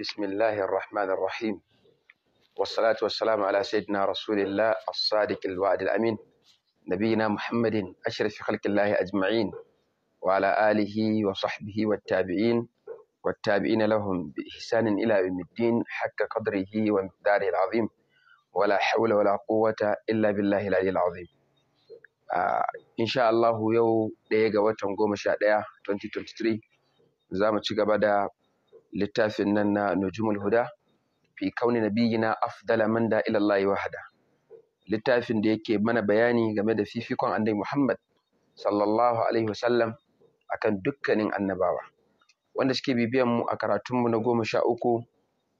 bismillahir rahmanir rahim wassalatu ala sayyidina rasulillah as-sadiq amin nabiyina muhammadin ashrafi khalqillahi ajma'in wa ala alihi wa sahbihi wat tabi'in wat tabi'ina lahum bi ihsanin ila hakka qadrihi wala hawla wala quwwata illa billahi al-aliyyil azim ah, yau ɗaya ga watan goma sha ɗaya 2023 za mu ci gaba da littafin nan na nujumul huda fi kauni nabiyina afdala man da ila Allah wahada littafin da yake mana bayani game da fifikon annabi Muhammad sallallahu alaihi wasallam akan dukkanin annabawa wanda suke bibiyan mu a karatun mu na goma sha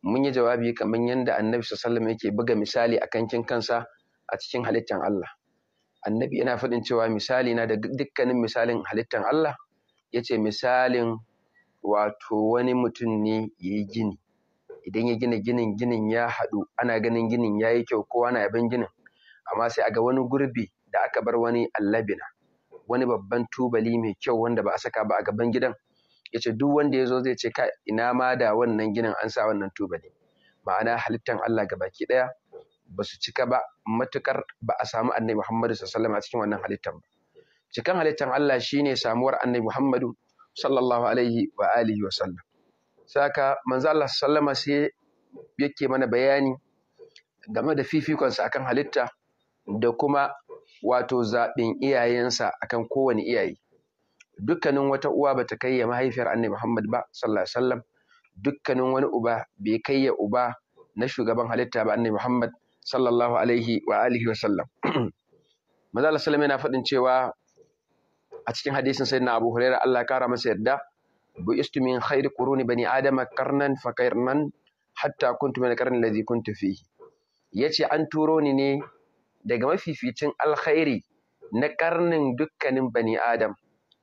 mun yi jawabi kamar yadda annabi sallallahu alaihi yake buga misali akan kin kansa a cikin halittan Allah annabi yana faɗin cewa misali na da dukkanin misalin halittan Allah yace misalin wato wani mutum ne ya yi gini idan ya gina ginin ginin ya haɗu ana ganin ginin ya yi kyau kowa na yabon ginin amma sai a ga wani gurbi da aka bar wani allabina wani babban tubali mai kyau wanda ba a saka ba a gaban gidan ya ce duk wanda ya zo zai ce ka ina ma da wannan ginin an sa wannan tubali ma'ana halittan Allah ga baki ɗaya ba su cika ba matukar ba a samu annabi Muhammadu sallallahu alaihi wasallam a cikin wannan halittan ba cikan halittan Allah shi ne samuwar annabi Muhammadu sallallahu alaihi wa alihi wa sallam saka manzo Allah sallama sai yake mana bayani game da fifikonsa akan halitta da kuma wato zaɓin iyayensa akan kowane iyaye dukkanin wata uwa bata kai ya mahaifiyar annabi Muhammad ba sallallahu alaihi wasallam dukkanin wani uba bai kai ya uba na shugaban halitta ba annabi Muhammad sallallahu alaihi wa alihi wa sallam manzo Allah sallama yana faɗin cewa a cikin hadisin na Abu Huraira Allah ya kara masa yadda bu istu min khairi quruni bani adama karnan fa karnan hatta kuntu min karnan ladhi kuntu fihi yace an turo ni ne daga mafificin alkhairi na karnin dukkanin bani adam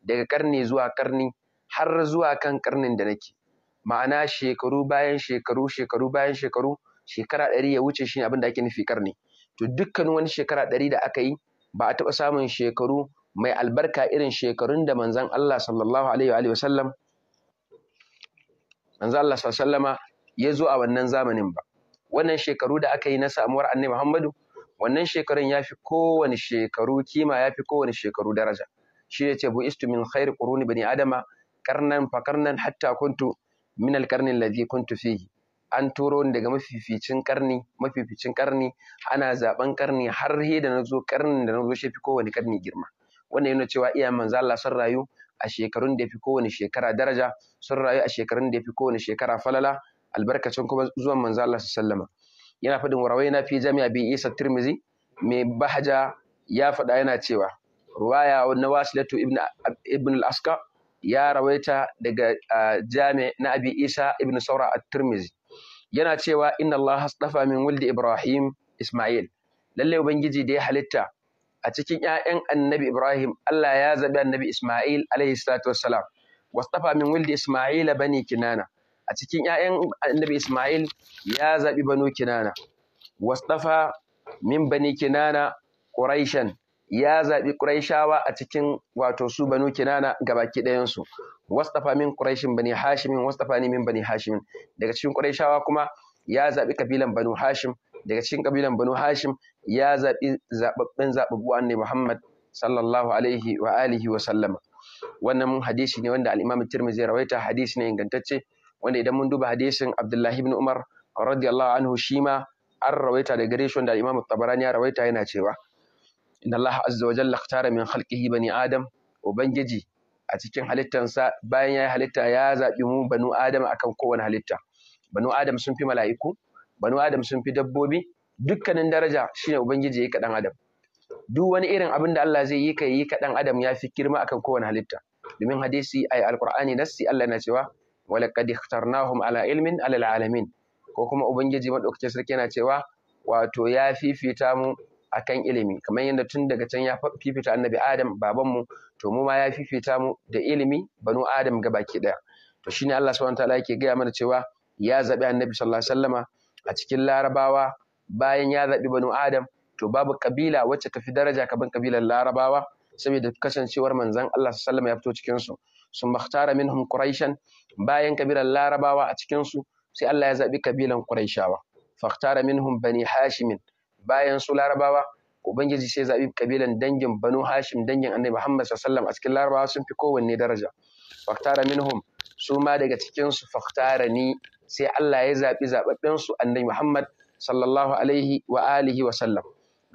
daga karni zuwa karni har zuwa kan karnin da nake ma'ana shekaru bayan shekaru shekaru bayan shekaru shekara ɗari ya wuce shi abin da ake nufi karni to dukkanin wani shekara ɗari da aka yi ba a taɓa samun shekaru mai albarka irin shekarun da manzan Allah sallallahu alaihi wa sallam manzan Allah sallallama ya zo a wannan zamanin ba wannan shekaru da aka yi na samuwar annabi Muhammadu wannan shekarun ya fi kowane shekaru kima ya fi kowane shekaru daraja shi ya ce bu'istu min khairi ƙuruni bani adama karnan fa karnan hatta kuntu min ƙarnin alladhi kuntu fihi an turo ni daga mafificin ƙarni, mafificin karni ana zaɓen ƙarni har he da zo ƙarnin da zo shi fi kowane ƙarni girma wannan yana cewa iyayen manzo Allah sun rayu a shekarun da fi kowane shekara daraja sun rayu a shekarun da fi kowane shekara falala albarkacin kuma zuwan manzo Allah sallama yana faɗin na fi jami'a bi Isa Tirmizi mai bahaja ya faɗa yana cewa ruwaya na wasilatu ibn ibn al-Aska ya rawaita daga jami na Abi Isa ibn Saura at-Tirmizi yana cewa inna Allah astafa min wuldi Ibrahim Isma'il lalle ubangiji da ya halitta a cikin ‘ya'yan annabi Ibrahim, Allah ya zabi annabi Ismail alaihi salatu wassalam, wastafa min wildi Ismaila bani kinana, a cikin ‘ya'yan annabi Ismail ya zabi banu kinana, wastafa min bani kinana Quraishan ya zabi Quraishawa a cikin wato su banu kinana gabaki ɗayansu, wastafa min Quraishin bani Hashimin, wastafa ni min bani Hashimin, daga cikin Quraishawa kuma ya zaɓi kabilan banu Hashim, daga cikin kabilan banu Hashim ya zaɓi zaɓaɓɓen zaɓaɓɓu annabi Muhammad sallallahu alaihi wa alihi wa sallama wannan hadisi ne wanda al-Imam Tirmidhi rawaita hadisi ne ingantacce wanda idan mun duba hadisin Abdullahi ibn Umar radiyallahu anhu shi ma an rawaita da gare shi wanda al-Imam Tabarani ya rawaita yana cewa inna Allah azza wa jalla ikhtara min khalqihi bani Adam ubangiji a cikin halittansa bayan ya yi halitta ya zaɓi mu banu adam akan kowane halitta banu adam sun fi mala'iku banu adam sun fi dabbobi dukkanin daraja shine ubangiji yayi ka dan adam duk wani irin abin da Allah zai yi ka yi ka dan adam fi girma akan kowane halitta domin hadisi ay alqur'ani nassi Allah yana cewa walaqad ikhtarnahum ala ilmin ala alamin ko kuma ubangiji madaukakin sarki yana cewa wato ya fifita mu akan ilimi kamar yadda tun daga can ya fifita annabi adam babanmu to mu ma ya fifita mu da ilimi banu adam ga baki daya to shine Allah subhanahu wataala yake gaya mana cewa ya zabi annabi sallallahu alaihi wasallama a cikin larabawa bayan ya zaɓi banu adam to babu kabila wacce fi daraja kaban kabilar larabawa saboda kasancewar manzon Allah sallallahu ya fito cikin su sun makhtara minhum quraishan bayan kabilar larabawa a cikin su sai Allah ya zaɓi kabilan quraishawa fakhtara minhum bani hashimin bayan su larabawa ubangiji sai zaɓi kabilan dangin banu hashim dangin annabi muhammad sallallahu a cikin larabawa sun fi kowanne daraja fakhtara minhum su ma daga cikin su fakhtara ni sai Allah ya zaɓi zaɓaɓɓen su annabi muhammad sallallahu alaihi wa alihi wa sallam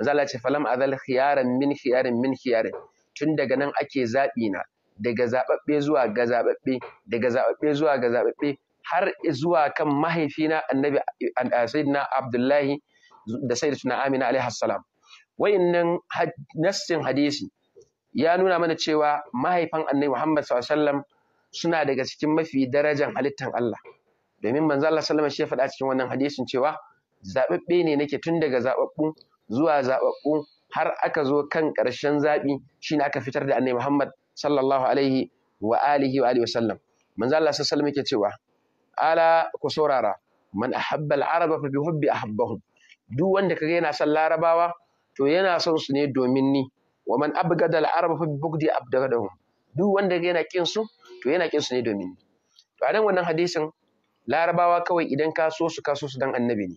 ya ce falam azal khiyaran min khiyarin min khiyarin tun daga nan ake zaɓi na daga zaɓaɓɓe zuwa ga zaɓaɓɓe daga zaɓaɓɓe zuwa ga zaɓaɓɓe har zuwa kan mahaifina annabi sayyidina abdullahi da sayyidatuna amina alaihi salam wayannan nassin hadisi ya nuna mana cewa mahaifan annabi muhammad sallallahu alaihi wasallam suna daga cikin mafi darajan halittan Allah domin manzo Allah sallallahu alaihi wasallam shi ya faɗa cikin wannan hadisin cewa zaɓaɓɓe ne nake tun daga zaɓaɓɓu zuwa zaɓaɓɓu har aka zo kan ƙarshen zaɓi shine aka fitar da annabi Muhammad sallallahu alaihi wa alihi wa alihi wasallam manzo Allah sallallahu alaihi cewa ala ku saurara man ahabba al-araba fa bihubbi ahabbahum duk wanda kaga yana son larabawa to yana son su ne domin ni wa man abgada al-araba fa bihubbi abgadahum duk wanda kaga yana kin su to yana kin su ne domin ni to a nan wannan hadisin larabawa kawai idan ka so su ka so su dan annabi ne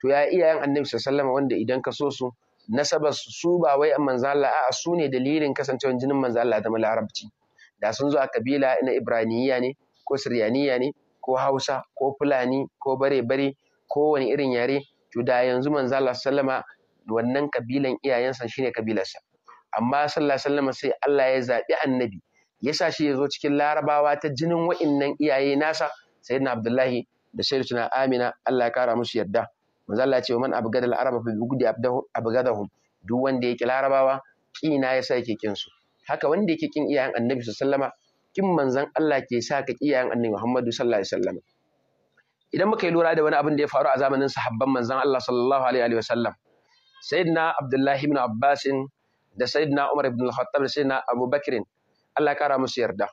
to ya iyayen annabi sallallahu wanda idan ka so su nasabar su ba wai an manzo Allah a'a su ne dalilin kasancewar jinin manzo Allah da arabci da sun zo a kabila ina Ibraniya ne ko siryaniyya ne ko Hausa ko Fulani ko bare-bare ko wani irin yare to da yanzu manzo Allah sallama wannan kabilan iyayensa shine kabilarsa amma sallallahu sallama sai Allah ya zaɓi annabi ya sa shi ya zo cikin larabawa ta jinin wa'innan iyaye nasa sayyidina Abdullahi da sayyidina Amina Allah ya kara musu yarda manzo Allah ya ce man abgadal araba bi bugdi abgadahum duk wanda yake larabawa kina yasa yake kin su haka wanda yake kin iyayen annabi sallama kin manzon Allah ke sa ka iyayen annabi Muhammadu sallallahu alaihi wasallam idan muka yi lura da wani abin da ya faru a zamanin sahabban manzon Allah sallallahu alaihi wa Sallam. sayyidina Abdullahi ibn Abbas da sayyidina Umar ibn al-Khattab da sayyidina Abu Bakr Allah ya kara musu yarda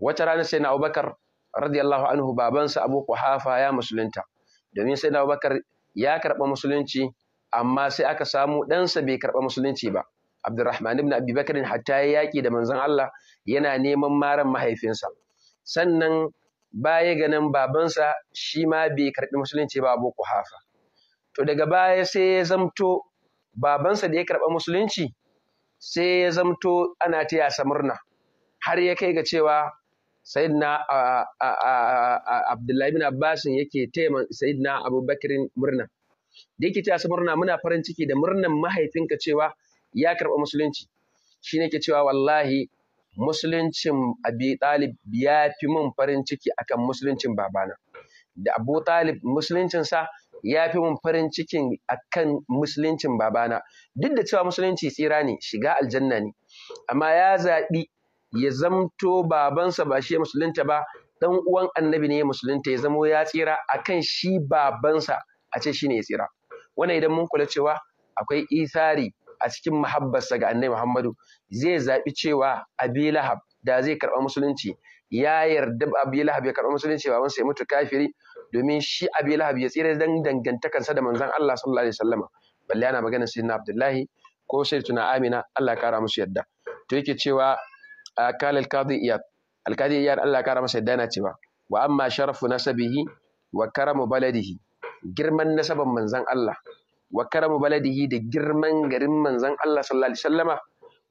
wata rana sayyidina Abu Bakar radiyallahu anhu babansa Abu Quhafa ya musulunta domin sayyidina Abu Bakar ya karɓa musulunci amma sai aka samu ɗansa bai karɓa musulunci ba Abdurrahman ibn Abi Bakr hatta ya yaƙi da manzon Allah yana neman maran mahaifinsa sannan baya ganin babansa shi ma bai karɓi musulunci ba boko hafa. to daga baya sai ya zamto babansa da ya karɓa musulunci sai ya zamto ana taya samurna murna har ya kai ga cewa sayyidina abdullahi bin abbasin yake taima sayyidina abubakarin murna da yake cewa murna muna farin ciki da murnan mahaifinka cewa ya karɓa musulunci shi ne ke cewa wallahi musuluncin abi talib ya fi mun farin ciki akan musuluncin babana da abu talib musuluncinsa ya fi mun farin cikin akan musuluncin babana duk da cewa musulunci tsira ne shiga aljanna ne amma ya zaɓi ya zamto babansa ba shi ya musulunta ba dan uwan annabi ne ya musulunta ya zamo ya tsira akan shi babansa a ce shine ya tsira wannan idan mun kula cewa akwai isari a cikin mahabbarsa ga annabi Muhammadu zai zaɓi cewa Abi da zai karɓa musulunci ya yarda Abi ya karɓa musulunci baban sai mutu kafiri domin shi Abi Lahab ya tsira dan dangantakarsa da manzon Allah sallallahu alaihi wasallam balle ana maganar sayyidina Abdullahi ko sai sayyidina Amina Allah ya kara musu yadda to yake cewa قال القاضي masa القاضي إياد الله كرم سيدنا تبا وأما شرف نسبه وكرم بلده girman nasaban manzan Allah wa karamu baladihi da girman garin manzan Allah sallallahu alaihi wasallama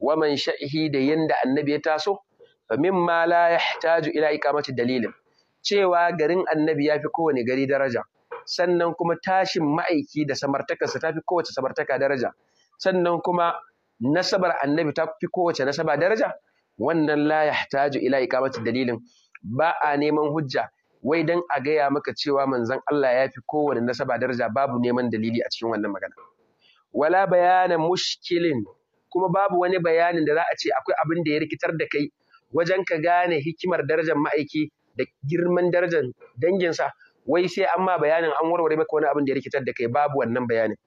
wa man sha'ihi da yanda annabi ya taso fa mimma la yahtaju ila iqamati dalilin cewa garin annabi yafi kowane gari daraja sannan kuma tashin ma'aiki da samartakarsa tafi kowace samartaka daraja sannan kuma nasabar annabi ta fi kowace nasaba daraja wannan la yahtaju ila iqamati dalilin ba a neman hujja wai dan a gaya maka cewa manzon Allah ya fi kowane nasaba daraja babu neman dalili a cikin wannan magana wala bayanan mushkilin kuma babu wani bayanin da za a ce akwai abin da ya rikitar da kai wajen ka gane hikimar darajar ma'aiki da girman darajar danginsa wai sai an ma bayanin an warware maka wani abin da ya rikitar da kai babu wannan bayanin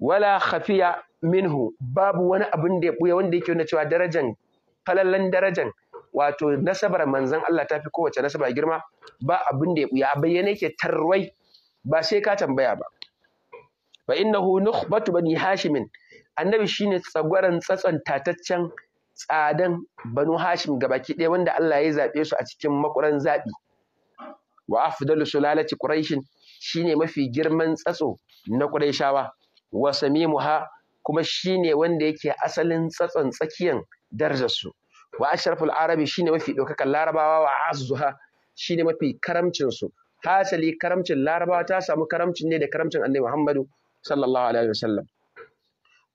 wala khafiya minhu babu wani abin da ya buya wanda yake nuna cewa darajan falallan darajan wato nasabar manzon Allah ta fi kowace nasaba girma ba abin da ya buya a bayyana yake tarwai ba sai ka tambaya ba fa innahu nukhbatu bani hashimin annabi shine tsagwaran tsatson tataccen tsadan banu hashim gabaki ɗaya wanda Allah ya zaɓe su a cikin makuran zaɓi wa afdalu sulalati quraishin shine mafi girman tsatso na quraishawa wa samimuha kuma shine wanda yake asalin tsatson tsakiyan darajarsu wa ashraful arabi shine mafi ɗaukakan larabawa wa azzuha shine mafi karamcin su hasali karamcin larabawa ta samu karamcin ne da karamcin annabi muhammadu sallallahu alaihi wasallam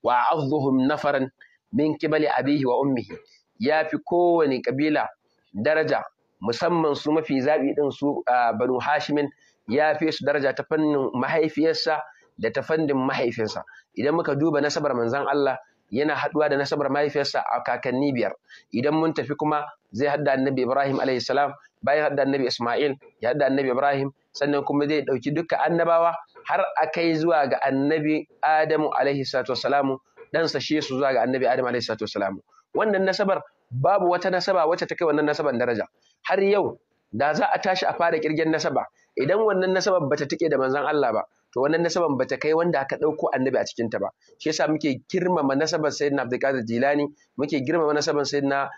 wa azzuhum nafaran min kibali abihi wa ummihi ya fi kowane kabila daraja musamman su mafi zaɓi ɗin su banu hashimin ya fi su daraja ta fannin mahaifiyarsa da ta fannin mahaifinsa idan muka duba nasabar manzan Allah yana haɗuwa da nasabar mahaifinsa a kakanni biyar idan mun tafi kuma zai hadda annabi Ibrahim alayhi salam bayan hadda annabi Ismail ya hadda annabi Ibrahim sannan kuma zai ɗauki duka annabawa har a kai zuwa ga annabi Adamu alayhi salatu wassalamu ɗansa shi su zuwa ga annabi Adamu alayhi salatu wassalamu wannan nasabar babu wata nasaba wacce ta kai wannan nasaban daraja har yau da za a tashi a fara kirgen nasaba idan wannan nasabar bata tike da manzon Allah ba to wannan nasaban bata kai wanda aka ɗauko annabi a cikinta ba shi yasa muke girmama nasaban sayyidina abdulkadir jilani muke girmama nasaban sayyidina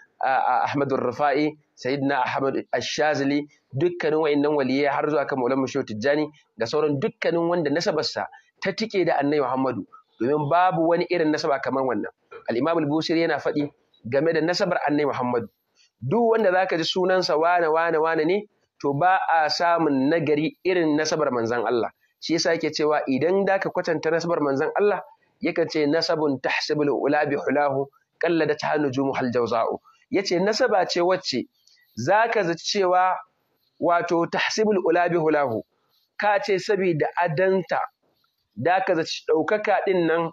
ahmadu rufa'i sayyidina ahmad ashazili dukkanin wayannan waliyai har zuwa kan maulana shehu tijjani da sauran dukkanin wanda nasabarsa ta tike da annabi muhammadu domin babu wani irin nasaba kamar wannan al-imam al-busiri yana faɗi game da nasabar annabi muhammadu duk wanda zaka ji sunansa wane wane wane ne to ba a samun nagari irin nasabar manzon Allah shi yasa yake cewa idan da ka kwatanta nasabar manzon Allah yakan ce nasabun tahsibul ula bi hulahu qallada ta nujumu hal jawza'u yace nasaba ce wacce zaka zaci cewa wato tahsibul ula bi hulahu ka ce saboda adanta da ka zaci daukaka din nan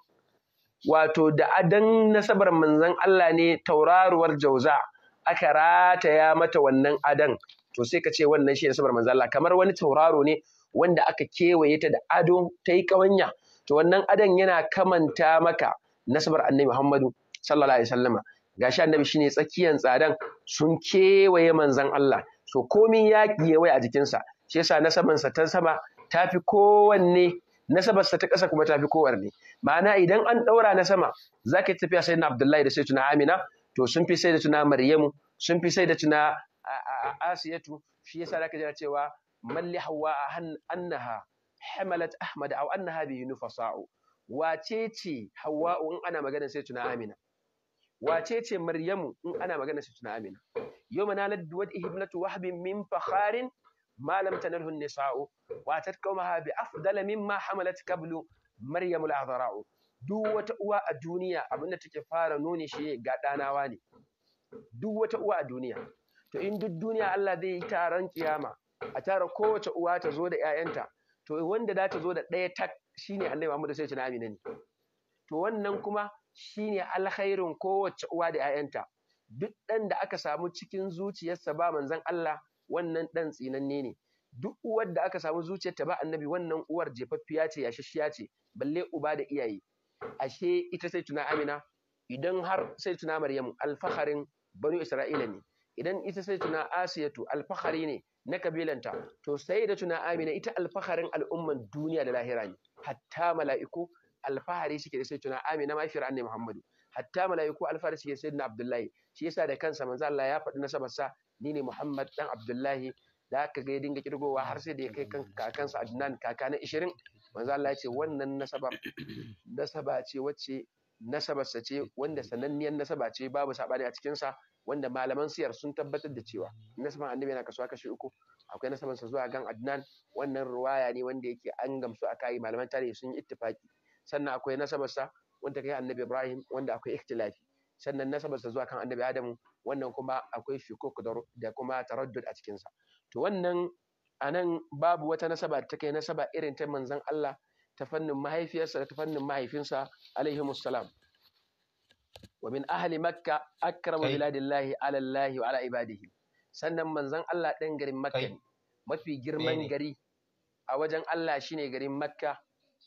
wato da adan nasabar manzon Allah ne tauraruwar jauza aka rataya mata wannan adan to sai ka ce wannan shi nasabar manzon Allah kamar wani tauraro ne wanda aka kewaye ta da ado ta yi ƙawanya to wannan adon yana kamanta maka nasabar annabi Muhammadu sallallahu alaihi wasallama gashi annabi shine tsakiyan tsadan sun kewaye manzan Allah so komin ya kewaye a jikinsa shi yasa nasabansa ta sama ta fi kowanne nasabarsa ta ƙasa kuma ta fi kowanne ma'ana idan an ɗaura na sama za ka tafiya sai na Abdullahi da sai tuna Amina to sun fi sai da tuna Maryamu sun fi sai da tuna Asiyatu shi yasa za ka ji cewa man li hawa annaha hamalat ahmad aw annaha bihi nufasa'u wace ce hawa in ana magana sai tuna amina wace ce maryamu in ana magana sai tuna amina yawma nalat duwad ibnatu wahbin min fakharin ma lam tanalhu nisa'u wa tatqawmaha bi afdala mimma hamalat qablu maryamu al-azra'u duk wata uwa a duniya abinda take fara nuni shi ga ɗanawa ne duk wata uwa a duniya to in duk duniya Allah zai yi taron kiyama a tara kowace uwa ta zo da 'ya'yanta, to wanda za ta zo da ɗaya tak shine annabi Muhammad sai ya ce na amina ne to wannan kuma shine alkhairin kowace uwa da 'ya'yanta. duk ɗan da aka samu cikin zuciyarsa ba manzon Allah wannan ɗan tsinanne ne duk uwar da aka samu zuciyarta ba annabi wannan uwar jefaffiya ce yashashiya ce balle uba da iyaye ashe ita sai tuna amina idan har sai tuna maryamu alfaharin banu isra'ila ne idan ita sai tuna asiyatu alfahari ne na kabilanta to sai da tuna amina ita alfaharin al'umman duniya da lahira ne hatta mala'iku alfahari suke da sai tuna amina ma shi annabi muhammadu hatta mala'iku alfahari suke sai na abdullahi shi yasa da kansa manzo Allah ya faɗi nasabarsa, sa ni ne muhammad dan abdullahi da aka ga ya dinga kirgowa har sai da ya kai kan kakansa adnan kaka na 20 manzo Allah ya ce wannan nasabar nasaba ce wacce nasabarsa ce mm-hmm. wanda sananniyar nasaba ce babu saɓani a cikinsa wanda malaman siyar sun tabbatar da cewa mm-hmm. nasaban annabi yana kasuwa kashi uku akwai nasabansa zuwa gan adnan wannan ruwaya ne wanda yake an gamsu a kayi malaman tarihi sun yi ittifaki sannan akwai nasabarsa wanda kai annabi ibrahim wanda akwai ikhtilafi sannan nasabarsa zuwa kan annabi adamu wannan kuma akwai shukuk da kuma taraddud a cikinsa to wannan anan babu wata nasaba ta kai nasaba irin ta manzon Allah ta fannin mahaifiyarsa da ta fannin mahaifinsa alaihi salam wa min ahli makka akramu biladillahi ala allahi wa ala ibadihi sannan manzon Allah dan garin makka mafi girman gari a wajen Allah shine garin makka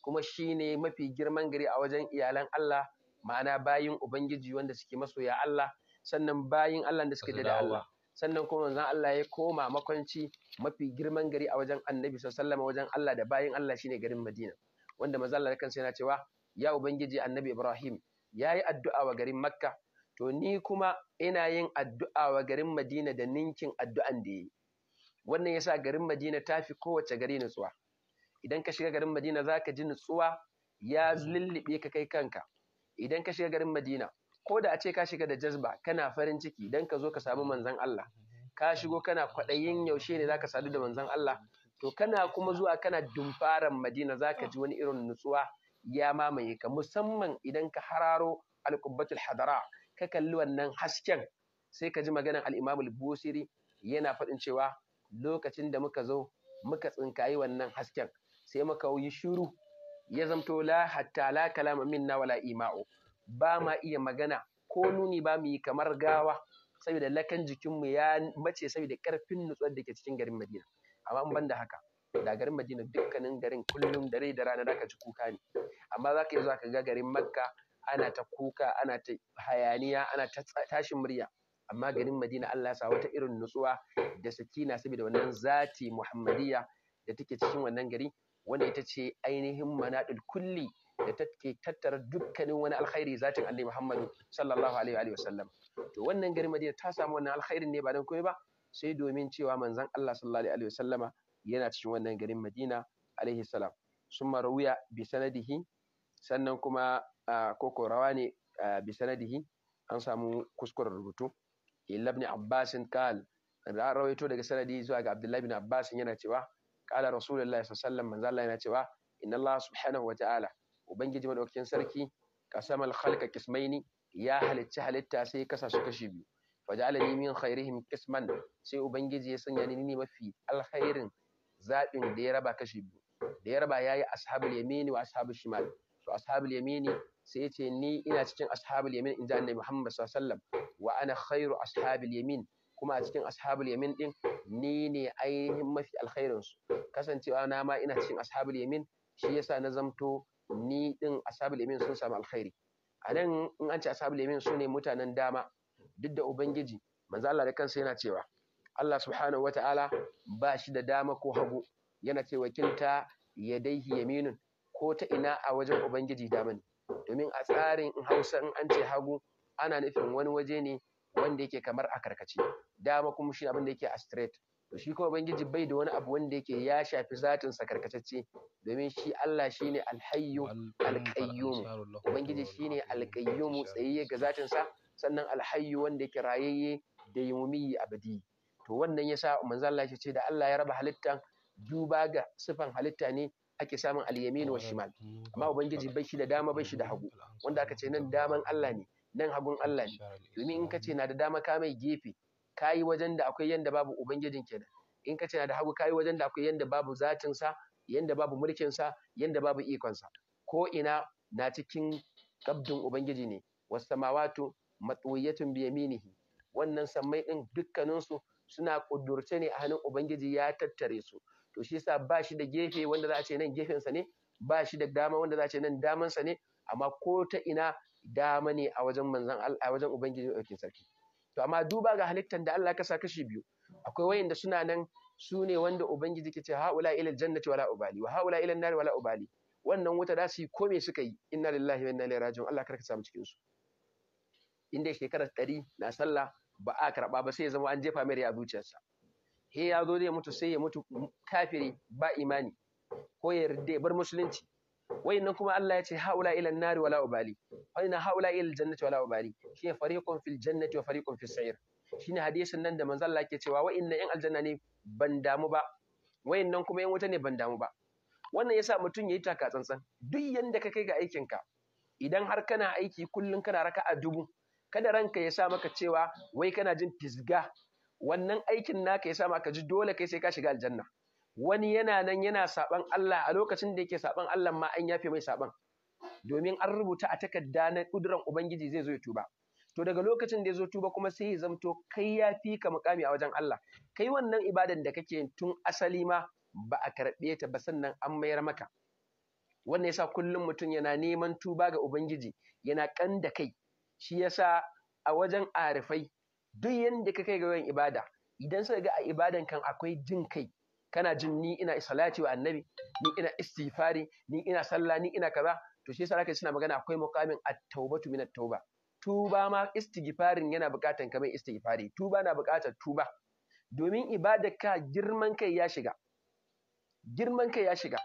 kuma shine mafi girman gari a wajen iyalan Allah ma'ana bayin ubangiji wanda suke masoya Allah sannan bayin Allah da suke da Allah sannan kuma manzon Allah ya koma makwanci mafi girman gari a wajen Annabi sallallahu alaihi wasallam wajen Allah da bayin Allah shine garin Madina wanda mazalla Allah kansa yana cewa ya ubangiji annabi Ibrahim ya yi addu'a wa garin Makka to ni kuma ina yin addu'a wa garin Madina da ninkin addu'an da yi wannan yasa garin Madina ta fi kowace gari nutsuwa idan ka shiga garin Madina zaka ji nutsuwa ya lullube ka kai kanka idan ka shiga garin Madina ko da a ce ka shiga da jazba kana farin ciki idan ka zo ka samu manzon Allah ka shigo kana kwaɗayin yaushe ne zaka sadu da manzon Allah to kana kuma zuwa kana dumfaran madina zaka ah. ji wani irin nutsuwa ya mamaye ka musamman idan ka hararo alqubbatul hadara ka kalli wannan hasken sai ka ji maganar al-imam al-busiri yana faɗin cewa lokacin da muka zo muka tsinkayi wannan hasken sai muka yi shiru ya zamto la hatta la kalama minna wala ima'u ba ma iya magana ko nuni ba mu yi kamar gawa saboda lakan jikinmu ya mace saboda ƙarfin nutsuwar da ke cikin garin Madina amma in ban da haka da garin madina dukkanin garin kullum dare da rana zaka ji kuka ne amma zaka iya zuwa ka ga garin makka ana ta kuka ana ta hayaniya ana ta tashin murya amma garin madina Allah ya sa wata irin nutsuwa da sakina saboda wannan zati muhammadiyya da take cikin wannan gari wanda ita ce ainihin manadul kulli da take tattara dukkanin wani alkhairi zatin annabi Muhammadu sallallahu alaihi wa sallam to wannan garin Madina ta samu wannan alkhairin ne ba dan komai ba sai domin cewa manzon Allah sallallahu alaihi wasallama yana cikin wannan garin Madina alaihi salam summa rawiya bi sanadihi sannan kuma koko rawa ne bi sanadihi an samu kuskuren rubutu illa ibn Abbas qal rawaito daga sanadi zuwa ga Abdullahi ibn Abbas yana cewa qala rasulullahi sallallahu alaihi wasallam manzon Allah yana cewa inna Allah subhanahu wa ta'ala ubangiji madaukakin sarki kasamal khalqa kismaini ya halicci halitta sai kasa su kashi biyu waj'alani min khairihim Kisman, sai ubangiji ya sanya ni ne mafi alkhairin zabin da ya raba kashi biyu da ya raba yayi ashabul yamini wa ashabul shimal to ashabul yamini sai yace ni ina cikin ashabul yamin inda annabi Muhammad sallallahu alaihi wasallam wa ana khairu ashabul yamin kuma a cikin ashabul yamin din ni ne ainihin mafi alkhairin kasancewa na ma ina cikin ashabul yamin shi yasa na zamto ni din ashabul yamin sun samu alkhairi a nan in an ce ashabul yamin su mutanen dama duk da ubangiji manzo Allah da kansa yana cewa Allah subhanahu wata'ala ba shi da dama ko hagu yana cewa kinta yadaihi yaminun ko ta ina a wajen ubangiji dama ne domin a tsarin Hausa in an ce hagu ana nufin wani waje ne wanda yake kamar a karkace dama kuma shi abin da yake a straight to shi kuma ubangiji bai da wani abu wanda yake ya shafi zatin sa karkatacce domin shi Allah shine alhayyu alqayyum ubangiji shine alqayyum tsaye ga zatin sa sannan alhayyu wanda yake rayayye da yawmi abadi to wannan yasa manzo Allah ya ce da Allah ya raba halittan duba ga sifan halitta ne ake samun al-yamin wa shimal amma ubangiji bai shi da dama bai shi da hagu wanda aka ce nan daman Allah ne nan hagun Allah ne domin in ka ce na da dama ka mai gefe kayi wajen da akwai yanda babu ubangijin kenan in ka ce na da hagu kayi wajen da akwai yanda babu zatin sa yanda babu mulkin sa yanda babu ikon sa ko ina na cikin kabdin ubangiji ne was samawatu matsoyatun biyaminihi wannan sammai din dukkaninsu suna kudurce ne a hannun ubangiji ya tattare su to shi yasa ba shi da gefe wanda za a ce nan gefensa ne ba shi da dama wanda za a ce nan damansa ne amma ko ta ina dama ne a wajen manzon Allah a wajen ubangiji ɗaukin sarki to amma duba ga halittar da Allah ka sa kashi biyu akwai wayanda suna nan su ne wanda ubangiji ke ce haula ila jannati wala ubali wa haula ila nari wala ubali wannan wuta da su yi ko suka yi inna lillahi wa inna ilaihi raji'un Allah karka samu cikin su inda shekarar ɗari na sallah ba a karɓa ba sai ya zama an jefa mai a zuciyarsa he ya zo zai mutu sai ya mutu kafiri ba imani ko ya yarda bar musulunci wayannan kuma Allah ya ce haula ila nari wala ubali wayna haula ila jannati wala ubali ne fariqun fil jannati wa fariqun fis sa'ir ne hadisin nan da manzo Allah yake cewa wayannan yan aljanna ne ban damu ba wayannan kuma yan wuta ne ban damu ba wannan yasa mutum yayi taka tsantsan duk yadda ka kai ga aikinka. idan har kana aiki kullun kana raka'a dubu kada ranka ya sa maka cewa wai kana jin fisga wannan aikin naka ya sa maka ji dole kai sai ka shiga aljanna wani yana nan yana saban Allah a lokacin da yake saban Allah ma an yafe mai saban domin an rubuta a takarda na kuduran ubangiji zai zo ya tuba to daga lokacin da ya zo tuba kuma sai ya zamto kai ya fi ka mukami a wajen Allah kai wannan ibadan da kake yin tun asali ma ba a karɓe ta ba sannan an mayar maka wannan yasa kullum mutum yana neman tuba ga ubangiji yana kan da kai shi yasa a wajen arifai duk yadda ka kai ga yawan ibada idan suka ga a ibadan kan akwai jin kai kana jin ni ina salati wa annabi ni ina istighfari ni ina sallah ni ina kaza to shi yasa zaka suna magana akwai muqamin at-taubatu min at-tauba tuba ma istighfarin yana bukatan kamar istighfari tuba na bukatar tuba domin ibada ka girman kai ya shiga girman kai ya shiga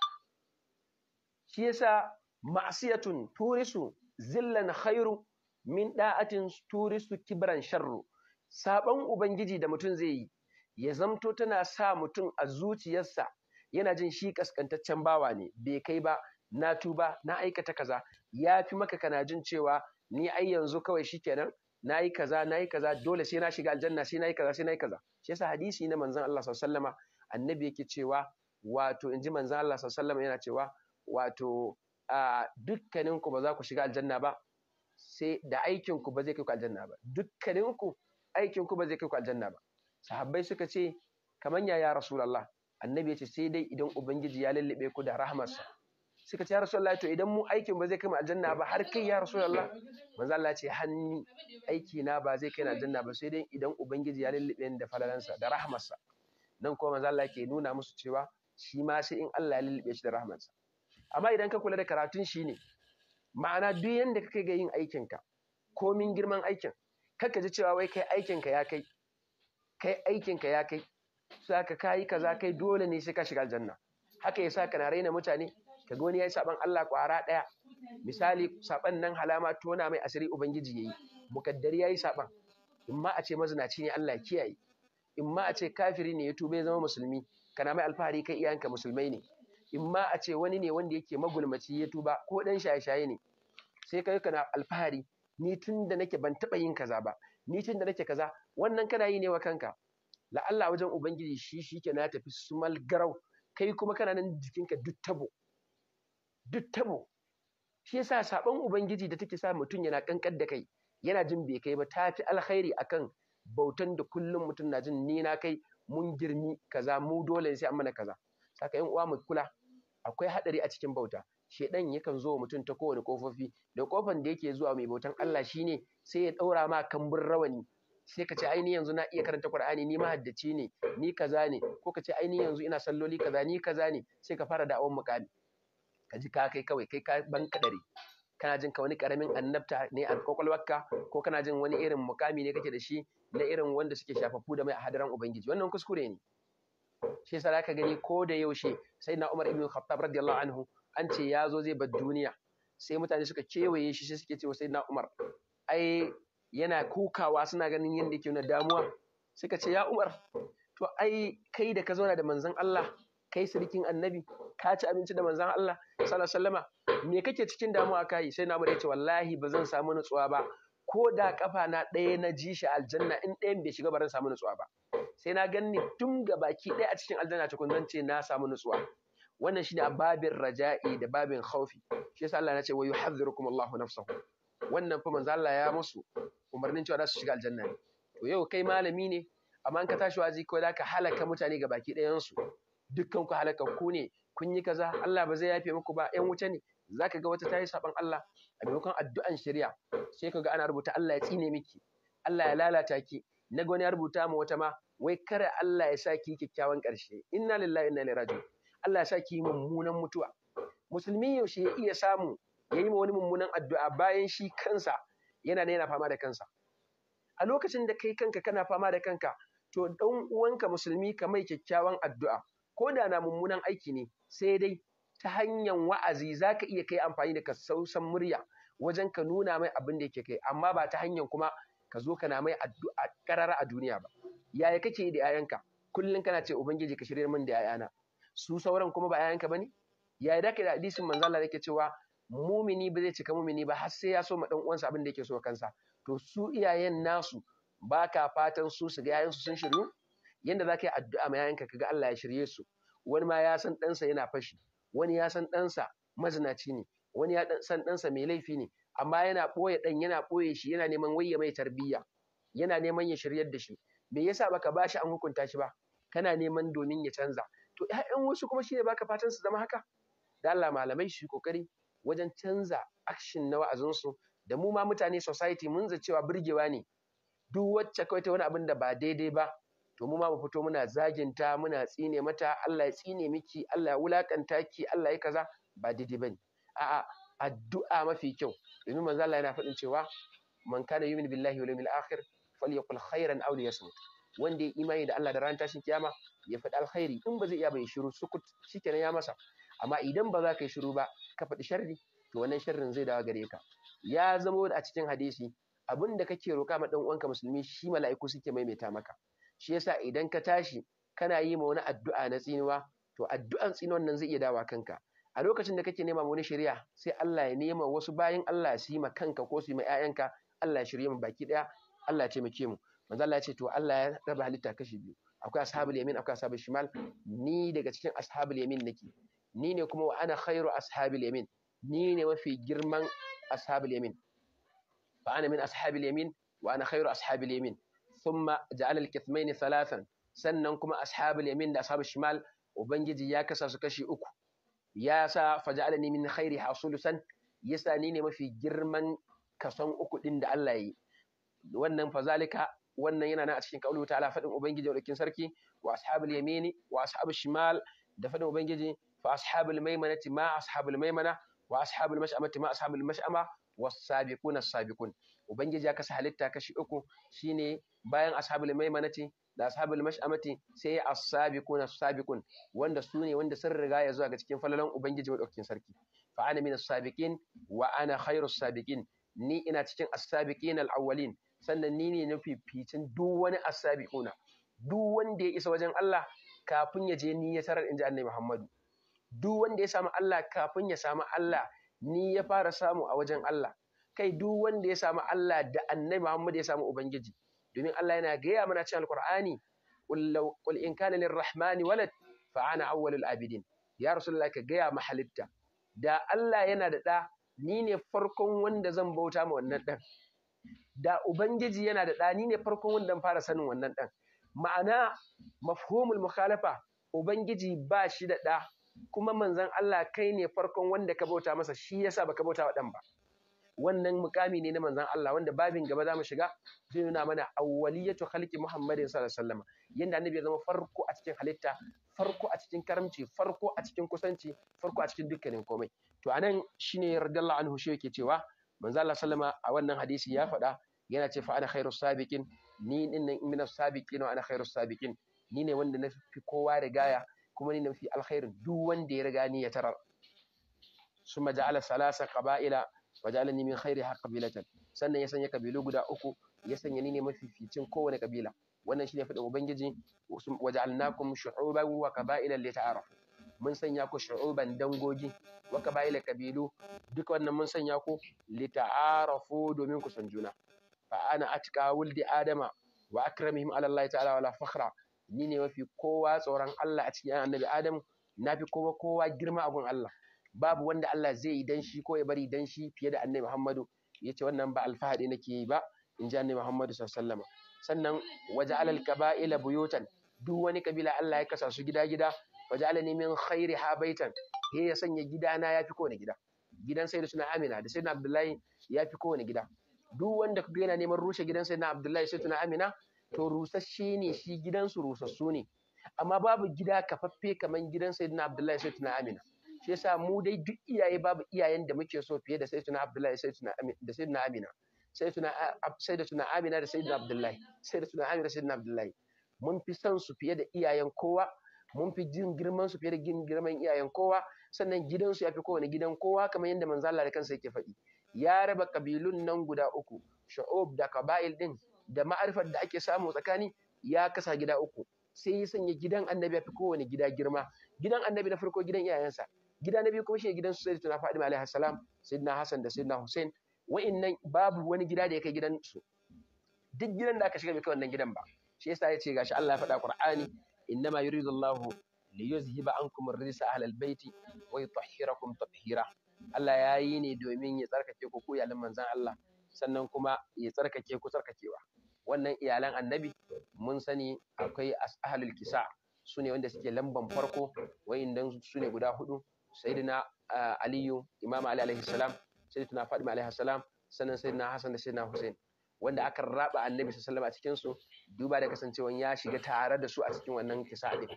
shi yasa ma'siyatun turisu zillan khairu min da'atin turistu kibran sharru saban ubangiji da mutum zai yi ya zamto tana sa mutum a zuciyarsa yana jin shi kaskantaccen bawa ne bai kai ba na tuba na aikata kaza ya fi maka kana jin cewa ni ai yanzu kawai shikenan na yi kaza na yi kaza dole sai na shiga aljanna sai na yi kaza sai na yi kaza shi yasa hadisi na manzon Allah sallallahu alaihi annabi yake cewa wato inji manzon Allah sallallahu alaihi yana cewa wato dukkaninku ba za ku shiga aljanna ba sai da aikinku ku ba zai kai ku aljanna ba dukkanin ku ba zai kai ku aljanna ba sahabbai suka ce kaman ya ya rasulullah annabi ya ce sai dai idan ubangiji ya lullube ku da rahmarsa suka ce ya rasulullah to idan mu aikin ba zai kai mu aljanna ba har kai ya rasulullah manzo Allah ce hanni aiki na ba zai kai na aljanna ba sai dai idan ubangiji ya lullube ni da falalansa da rahmarsa nan kuma manzo Allah ke nuna musu cewa shi ma sai in Allah ya lullube shi da rahmarsa amma idan ka kula da karatun shi ne ma'ana duk yanda kake ga yin aikinka komin girman aikin ka ji cewa wai kai aikinka ya kai kai aikinka ya kai saka kayi kaza kai dole ne sai ka shiga aljanna haka yasa kana raina mutane ka ga wani yayi saban Allah kwara daya misali saban nan halama tona mai asiri ubangiji yayi mukaddari yayi saban in ma a ce mazinaci ne Allah kiyaye in ma a ce kafiri ne ya tube zama musulmi kana mai alfahari kai iyayenka musulmai ne in ma a ce wani ne wanda yake magulmaci ya tuba ko dan shaye-shaye ne sai ka kana alfahari ni tun da nake ban taɓa yin kaza ba ni tun da nake kaza wannan kana yi ne wa kanka la wajen ubangiji shi shike na tafi sumal garau kai kuma kana nan jikinka duk tabo duk tabo shi yasa saban ubangiji da take sa mutum yana kankar da kai yana jin bai kai ba ta fi alkhairi akan bautan da kullum mutum na jin ni na kai mun girmi kaza mu dole sai an mana kaza saka yan uwa mu kula akwai hadari a cikin bauta shedan yakan zo wa mutum ta kowane kofofi da kofan da yake zuwa mai bautan Allah shine sai ya daura ma kambun rawani sai ka ce ainihin yanzu na iya karanta Qur'ani ni mahaddaci ne ni kaza ne ko ka ce ainihin yanzu ina salloli kaza ni kaza ne sai ka fara da'awan mukami ka ji ka kai kawai kai ka ban kadare kana jin ka wani karamin annabta ne a kwakwalwarka ko kana jin wani irin mukami ne kake da shi na irin wanda suke shafafu da mai a hadaran ubangiji wannan kuskure ne shi yasa zaka gani ko da yaushe sai na Umar ibn Khattab radiyallahu anhu an ce ya zo zai bar duniya sai mutane suka kewaye shi sai suke cewa sai na Umar ai yana kukawa suna ganin yadda yake na damuwa suka ce ya Umar to ai kai da ka zauna da manzon Allah kai sirikin annabi ka ci abinci da manzon Allah sallallahu alaihi wasallama me kake cikin damuwa kai sai na Umar ya ce wallahi ba zan samu nutsuwa ba ko da kafa na ɗaya na ji shi aljanna in ɗayan bai shiga ba zan samu nutsuwa ba sai na ganni tun ga baki ɗaya a cikin aljanna tukun zan ce na samu nutsuwa wannan shine babin raja'i da babin khawfi shi yasa Allah ya ce wa yuhadhdhirukum Allahu nafsahu wannan fa manzo Allah ya musu umarnin cewa za su shiga aljanna ne to yau kai malami ne amma in ka tashi waji ko za ka halaka mutane ga baki ɗayan su dukkan ku halaka ku ne kun yi kaza Allah ba zai yafe muku ba ƴan wuta ne zaka ga wata tayi saban Allah a maimakon addu'an shari'a sai kaga ana rubuta Allah ya tsine miki Allah ya lalata ki na ga ya rubuta ma wata ma wai kare Allah ya sa ki kyakkyawan ƙarshe inna lillahi inna ilaihi raji'un Allah ya saki mummunan mutuwa musulmi yaushe ya iya samu ya yi wani mummunan addu'a bayan shi kansa yana ne yana fama da kansa a lokacin da kai kanka kana fama da kanka to dan uwanka musulmi ka mai kyakkyawan addu'a ko da na mummunan aiki ne sai dai ta hanyar wa'azi za ka iya kai amfani da kasausan murya wajen ka nuna mai abin da yake kai amma ba ta hanyar kuma ka zo kana mai addu'a karara a duniya ba yaya kake da 'ya'yanka kullum kana ce ubangiji ka shirya min da 'ya'yana su sauran kuma ba ƴaƴanka bane ya da kai da hadisin manzo Allah yake cewa mumini ba zai cika mumini ba har sai ya so ma dan uwansa abin da yake so kansa to su iyayen nasu baka fatan su su ga su sun shiryu yanda za ka yi addu'a ma ka kaga Allah ya shirye su wani ma ya san ɗansa yana fashi wani ya san ɗansa mazinaci ne wani ya san ɗansa mai laifi ne amma yana ɓoye ɗan yana ɓoye shi yana neman wayya mai tarbiyya yana neman ya shiryar da shi me yasa baka ba shi an hukunta shi ba kana neman domin ya canza to ‘ya'yan wasu kuma shi shine baka fatan su zama haka da Allah malamai su yi kokari wajen canza action na wa'azinsu da mu ma mutane society mun za cewa burgewa ne duk wacce kawai ta wani abin da ba daidai ba to mu ma mu fito muna zaginta muna tsine mata Allah ya tsine miki Allah ya wulakanta ki Allah ya kaza ba daidai bane a'a addu'a mafi kyau domin manzo Allah yana faɗin cewa man kana yu'minu billahi wal yawmil akhir falyaqul khairan aw liyasmut wanda ya imani da Allah da ran tashin kiyama ya faɗi alkhairi in ba zai iya ya shiru sukut shikenan ya masa amma idan ba za ka yi shiru ba ka faɗi sharri to wannan sharrin zai dawo gare ka ya zamo a cikin hadisi abin da kake roƙa ma ɗan uwanka musulmi shi mala'iku suke maimaita maka shi yasa idan ka tashi kana yi ma wani addu'a na tsinuwa to addu'an tsinuwan nan zai iya dawa kanka a lokacin da kake nema wani shari'a sai Allah ya nema wasu bayan Allah ya yi ma kanka ko su yi ma 'ya'yanka Allah ya shirye mu baki ɗaya Allah ya taimake mu manzo Allah ya ce to Allah ya raba halitta kashi biyu akwai ashabul yamin akwai ashabul shimal ni daga cikin ashabul yamin nake ni ne kuma wa ana khairu ashabul yamin ni ne mafi girman ashabul yamin fa ana min ashabul yamin wa ana khairu ashabul yamin thumma ja'ala al-kithmayn thalathan sannan kuma ashabul yamin da ashabul shimal ubangiji ya kasa su kashi uku ya sa faja'alani min khairi hasulusan yasa ni ne mafi girman kason uku din da Allah ya yi wannan fazalika wannan yana nan a cikin kaulu ta'ala fadin ubangiji wadakin sarki wa ashabul yamini wa ashabul shimal da fadin ubangiji fa ashabul maimanati ma ashabul maimana wa ashabul mash'amati ma ashabul mash'ama was-sabiquna as-sabiqun ubangiji ya kasa halitta kashi uku shine bayan ashabul maimanati da ashabul mash'amati sai as-sabiquna as-sabiqun wanda su ne wanda sun riga ya zuwa ga cikin falalan ubangiji wadakin sarki fa ana min as-sabiqin wa ana khairu as-sabiqin ni ina cikin as-sabiqin al-awwalin sannan ni ne na fificin duk wani asabiquna duk wanda ya isa wajen Allah kafin ya je ni ya tarar inji Annabi Muhammadu duk wanda ya samu Allah kafin ya samu Allah ni ya fara samu a wajen Allah kai duk wanda ya samu Allah da Annabi Muhammadu ya samu ubangiji domin Allah yana gaya mana cikin Alqur'ani qul in kana lirrahmani walad fa ana awwalul abidin ya rasulullahi ka gaya ma halitta da Allah yana da ɗa ni ne farkon wanda zan bauta ma wannan dan da ubangiji yana da ɗani ne farkon wanda fara sanin wannan ɗan ma'ana mafhumul mukhalafa ubangiji ba shi da ɗa kuma manzon Allah kai ne farkon wanda ka bauta masa shi yasa baka bauta wa ɗan ba wannan mukami ne na manzon Allah wanda babin gaba za mu shiga zai nuna mana awwaliyatu khalqi Muhammadin sallallahu alaihi wasallam yanda annabi ya zama farko a cikin halitta farko a cikin karamci farko a cikin kusanci farko a cikin dukkanin komai to anan shine radiyallahu anhu shi yake cewa manzo Allah sallama a wannan hadisi ya faɗa yana ce fa ana khairus sabiqin ni din nan min sabiqin wa ana khairus sabiqin ni ne wanda na fi kowa rigaya kuma ni na fi alkhairin duk wanda ya riga ni ya tarar summa ja'ala salasa qaba'ila wa ni min khairi haqqabilatan sannan ya sanya kabilu guda uku ya sanya ni ne mafificin kowane kabila wannan shine faɗin ubangiji wa ja'alnakum shu'uban wa qaba'ila li ta'arafu mun sanya ku shu'uban dangogi wa kabaila kabilu Duka wannan mun sanya ku lita'arafu domin ku san juna fa ana atka wuldi adama wa akramihim ala Allah ta'ala wala fakhra ni ne mafi kowa tsoron Allah a cikin annabi Adam na fi kowa kowa girma abun Allah babu wanda Allah zai yi dan shi ko ya bari dan shi fiye da annabi Muhammadu yace wannan ba alfahari nake yi ba in ji annabi Muhammadu sallallahu alaihi wasallam sannan waje al kaba'ila buyutan duk wani kabila Allah ya kasa su gida gida waj'alni min ha baitan he ya sanya gidana yafi kowane gida gidan sai suna Amina da na Abdullahi yafi kowane gida duk wanda kuka yana neman rushe gidan na Abdullahi suna Amina to rusasshe ne shi gidansu rusassu ne amma babu gida kafaffe kaman gidan na Abdullahi suna Amina shi yasa mu dai duk iyaye babu iyayen da muke so fiye da suna Abdullahi ah, amina da sayyidina Amina da suna Amina da sayyidina Abdullahi suna Amina na Abdullahi mun fi son su fiye da iyayen kowa mun fi jin girman su fiye da jin girman iyayen kowa sannan gidan su ya fi kowane gidan kowa kamar yadda manzo Allah da kansa yake faɗi ya raba kabilun nan guda uku sha'ub da kaba'il din da ma'arifar da ake samu tsakani ya kasa gida uku sai ya sanya gidan annabi ya fi kowane gida girma gidan annabi na farko gidan iyayensa gida na biyu kuma shi gidan su sayyidatuna Fadima alaihi salam sayyidina Hassan da sayyidina Hussein wa'annan babu wani gida da ya gidan su duk gidan da aka shiga bai kai wannan gidan ba shi yasa ya ce gashi Allah ya faɗa Qur'ani innama yuridu Allahu li yuzhiba ankum ar-rijsa ahlal baiti wa yutahhirakum tathira Allah ya yi ne domin ya tsarkake ku ku iyalan manzon Allah sannan kuma ya tsarkake ku tsarkakewa wannan iyalan annabi mun sani akwai ahlul kisa su ne wanda suke lamban farko wa'indan su ne guda hudu sayyidina aliyu imam ali alaihi salam sayyidina fadima alaihi salam sannan sayyidina hasan da sayyidina Hussein. wanda aka raba annabi sallallahu alaihi a cikin su duba da kasancewa ya shiga tare da su a cikin wannan kisa din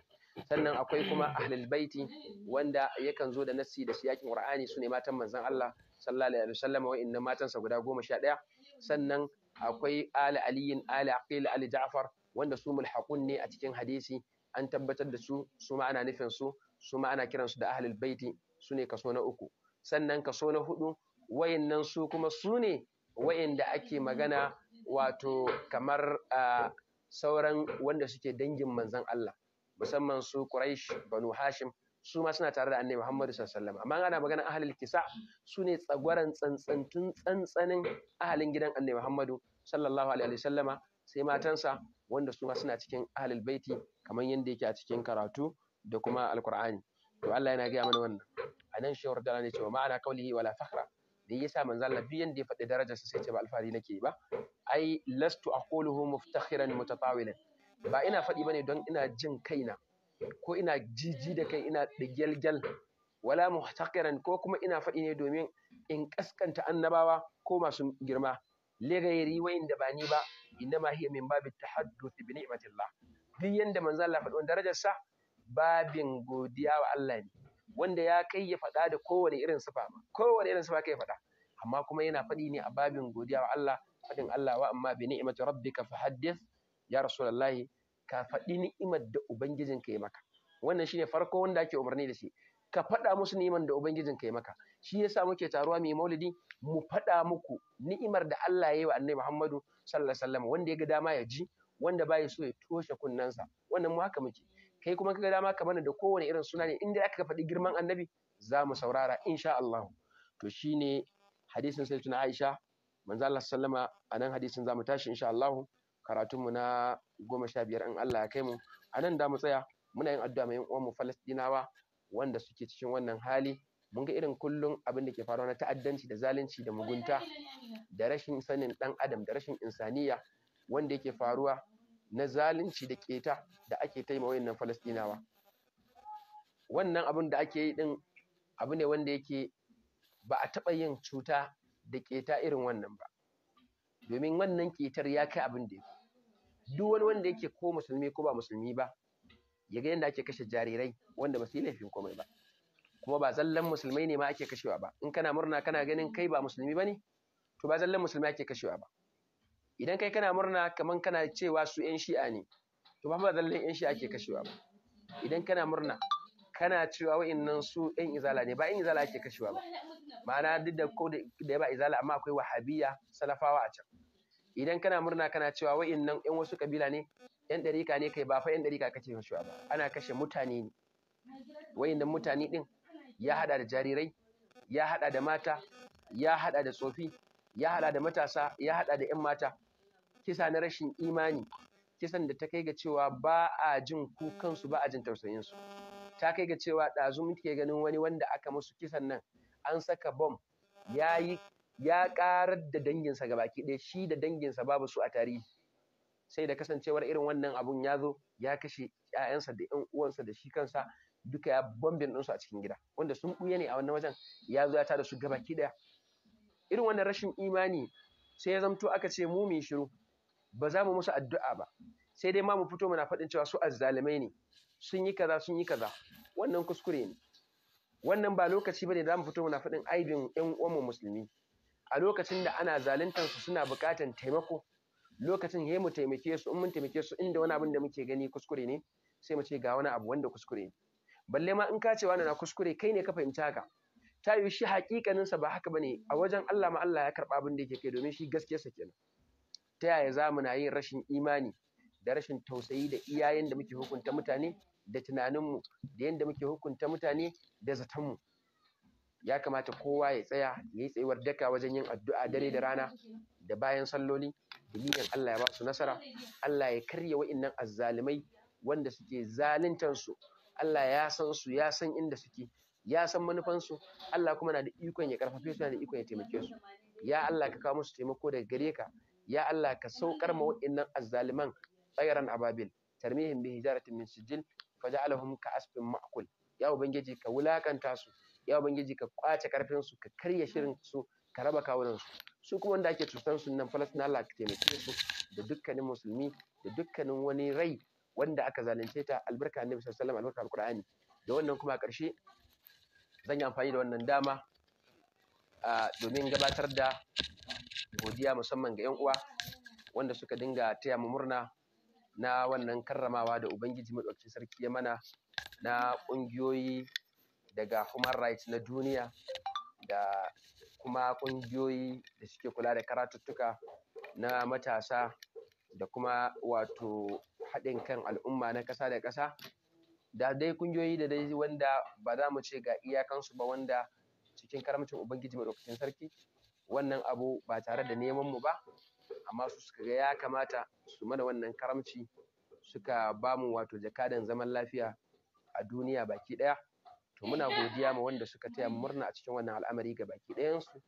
sannan akwai kuma ahlul baiti wanda yakan zo da nassi da siyakin qur'ani su ne matan manzon Allah sallallahu alaihi wasallam wa'annan matansa guda goma sha ɗaya sannan akwai ali aliyin ali aqil ali ja'far wanda su mulhaqun ne a cikin hadisi an tabbatar da su su ana nufin su su ana kiransu da ahlul baiti su ne kaso na uku sannan kaso na hudu wayannan su kuma su ne wa'inda ake magana wato kamar sauran wanda suke dangin manzon Allah musamman su Quraysh Banu Hashim su ma suna tare da Annabi Muhammad sallallahu alaihi wasallam amma ana magana ahlul kisa su ne tsagwaran tsantsantun tsantsanin ahalin gidan Annabi Muhammad sallallahu alaihi wasallama sai matansa wanda su ma suna cikin ahlul baiti kamar yanda yake a cikin karatu da kuma alqur'ani to Allah yana gaya mana wannan anan shawar da ne cewa ma'ana kaulihi wala fakhra da yasa manzo Allah duk yanda ya faɗi sa sai ce ba alfahari nake ba ai lastu a aquluhu muftakhiran mutatawilan ba ina faɗi bane don ina jin kaina ko ina jiji da kai ina digyalgyal wala muhtaqiran ko kuma ina faɗi ne domin in kaskanta annabawa ko masu girma lighairi wa inda ba ni ba inda ma hiya min babit tahadduth bi ni'matillah duk yanda manzo Allah faɗi sa babin godiya wa Allah ne wanda ya kai ya faɗa da kowane irin sifa ba kowane irin sifa kai faɗa amma kuma yana faɗi ne a babin godiya wa Allah faɗin Allah wa amma bi ni'mati rabbika haddis ya rasulullahi ka faɗi ni'imar da ubangijinka ya maka wannan shine farko wanda ake umarni da shi ka faɗa musu ni'imar da ubangijinka ya maka shi yasa muke taruwa mai maulidi mu faɗa muku ni'imar da Allah ya yi wa annabi Muhammadu sallallahu alaihi wasallam wanda ya ga dama ya ji wanda baya so ya toshe kunnensa wannan mu haka muke kai kuma ga dama ka da kowane irin suna ne inda aka faɗi girman annabi za mu saurara insha Allah to shine hadisin sai tuna Aisha manzo Allah sallama anan hadisin za mu tashi insha Allah karatunmu na goma sha biyar in Allah ya kai mu anan da mu tsaya muna yin addu'a mai uwan uwanmu Falastinawa wanda suke cikin wannan hali mun ga irin kullum abin da ke faruwa na ta'addanci da zalunci da mugunta da rashin sanin dan adam da rashin insaniya wanda yake faruwa na zalunci da keta da ake taima wayannan falastinawa wannan abin da ake yi din abu ne wanda yake ba a taɓa yin cuta da keta irin wannan ba domin wannan ketar ya kai abin da duk wani wanda yake ko musulmi ko ba musulmi ba ya ga yadda ake kashe jarirai wanda ba su yi laifin komai ba kuma ba zallan musulmai ne ma ake kashewa ba in kana murna kana ganin kai ba musulmi ba ne to ba zallan musulmi ake kashewa ba idan kai kana murna kaman kana cewa su yan shi'a ne to ba ma zallan yan shi'a ke kashewa ba idan kana murna kana cewa wa'annan su yan izala ne ba yan izala ke kashewa ba ma'ana duk da ko da ba izala amma akwai wahabiyya salafawa a can idan kana murna kana cewa nan yan wasu kabila ne yan ɗarika ne kai ba fa yan ɗarika kake kashewa ba ana kashe mutane ne wa'annan mutane ɗin, ya haɗa da jarirai ya haɗa da mata ya haɗa da tsofi ya haɗa da matasa ya haɗa da yan mata kisa na rashin imani kisan da ta kai ga cewa ba a jin kukansu ba a jin tausayinsu ta kai ga cewa ɗazu muke ganin wani wanda aka musu kisan nan an saka bom ya yi ya ƙarar da danginsa gabaki ɗaya shi da danginsa babu su a tarihi sai da kasancewar irin wannan abun ya zo ya kashe ‘ya'yansa da ‘yan uwansa da shi kansa duka ya bombin ɗinsu a cikin gida wanda sun ɓuya ne a wannan wajen ya zo ya tada su gabaki ɗaya irin wannan rashin imani sai ya zamto aka ce mu mai shiru ba za mu musu addu'a ba sai dai ma mu fito muna faɗin cewa su azzalumai ne sun yi kaza sun yi kaza wannan kuskure ne wannan ba lokaci bane da mu fito muna faɗin aibin ƴan uwanmu musulmi a lokacin da ana zaluntar su suna buƙatan taimako lokacin he mu taimake su in mun taimake su inda wani abin da muke gani kuskure ne sai mu ce ga wani abu wanda kuskure ne balle ma in ka ce wani na kuskure kai ne ka fahimci haka ta yi shi hakikaninsa ba haka bane a wajen Allah ma Allah ya karɓa abin da yake kai domin shi gaskiyarsa kenan ta yaya za mu na yin rashin imani da rashin tausayi da iyayen da muke hukunta mutane da tunaninmu da yadda muke hukunta mutane da zatonmu ya kamata kowa ya tsaya ya yi tsayuwar daka wajen yin addu'a dare da rana da bayan salloli da niyyar Allah ya ba su nasara Allah ya karya wa'innan azzalumai wanda suke zaluntar su Allah ya san su ya san inda suke ya san manufansu Allah kuma na da ikon ya karfafe su na da ikon ya taimake su ya Allah ka kawo musu taimako daga gare ka ya Allah ka saukar ma mm. wa'annan azzaliman tsayaran ababil tarmihim bi hijaratin min sijil faj'alhum ka asfin ma'kul ya ubangiji ka wulakanta su ya ubangiji ka kwace karfin su ka karya shirin su ka raba kawunan su su kuma wanda ake tutan su nan falastin Allah ka taimake su da dukkanin musulmi da dukkanin wani rai wanda aka zalunce ta albarka annabi sallallahu alaihi wasallam albarka alqur'ani da wannan kuma karshe zan yi amfani da wannan dama ah, domin gabatar da godiya musamman ga 'yan uwa wanda suka dinga taya mu murna na wannan karramawa da ubangiji maɗauki sarki ya mana na ƙungiyoyi daga human rights na duniya da kuma ƙungiyoyi da suke kula da karatuttuka na matasa da kuma wato haɗin kan al'umma na ƙasa da ƙasa da dai ƙungiyoyi da dai wanda ba za mu ce ga iyakansu ba wanda cikin karamcin ubangiji maɗaukakin sarki wannan abu ba tare da neman mu ba amma su suka ga ya kamata su mana wannan karamci suka bamu wato jakadan zaman lafiya a duniya baki ɗaya to muna godiya ma wanda suka taya murna a cikin wannan al'amari ga baki ɗayansu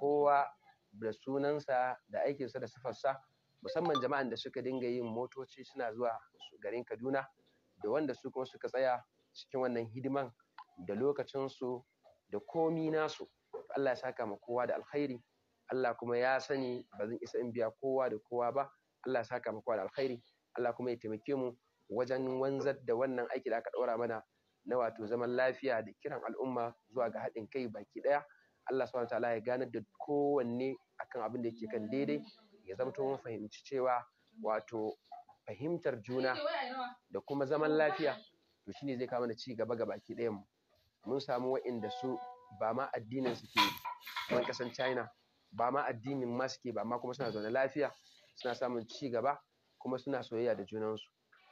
kowa da sunansa da aikinsa da sufarsa musamman jama'an da suka dinga yin motoci suna zuwa garin kaduna da wanda su kuma suka tsaya cikin wannan hidiman da lokacinsu da komi nasu Allah ya saka ma kowa da alkhairi Allah kuma ya sani ba zan isa in biya kowa da kowa ba Allah ya saka ma kowa da alkhairi Allah kuma ya taimake mu wajen wanzar da wannan aiki da aka ɗora mana na wato zaman lafiya da kiran al'umma zuwa ga haɗin kai baki ɗaya Allah subhanahu wataala ya ganar da kowanne akan abin da yake kan daidai ya zama mun fahimci cewa wato fahimtar juna da kuma zaman lafiya to shine zai kawo mana ci gaba ga baki ɗayan mu mun samu wa'inda su ba ma addinin suke Wani kasan china ba ma addinin ma suke ba ma kuma suna zaune lafiya suna samun ci gaba kuma suna soyayya da junansu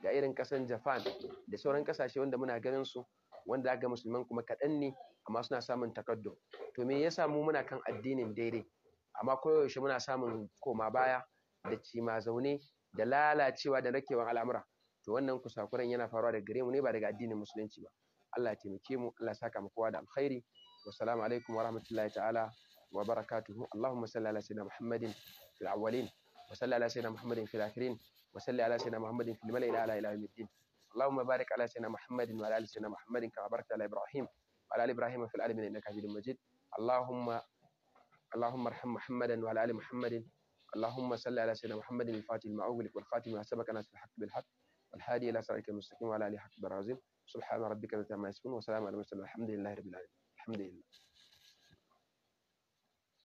ga irin kasan japan da sauran kasashe wanda muna ganin su wanda ga musulman kuma kaɗan ne amma suna samun takaddo to me yasa mu muna kan addinin daidai amma koyaushe muna samun koma baya da cima zaune da lalacewa da rakewan al'amura to wannan kusakuran yana faruwa daga gare mu ne ba daga addinin musulunci ba Allah ya taimake mu Allah ya saka mu kowa da alkhairi والسلام عليكم ورحمة الله تعالى وبركاته اللهم صل على سيدنا محمد في الأولين وصل على سيدنا محمد في الآخرين وصل على سيدنا محمد في الملأ الأعلى إلى يوم الدين اللهم بارك على سيدنا محمد وعلى آل سيدنا محمد كما باركت على إبراهيم وعلى آل إبراهيم في العالمين إنك حميد مجيد اللهم اللهم ارحم محمدا وعلى آل محمد اللهم صل على سيدنا محمد الفاتح لما أغلق والخاتم لما سبق ناصر الحق بالحق والهادي إلى صراطك المستقيم وعلى آله حق برازيل سبحان ربك رب العزة عما يصفون وسلام على المرسلين والحمد لله رب العالمين الحمد لله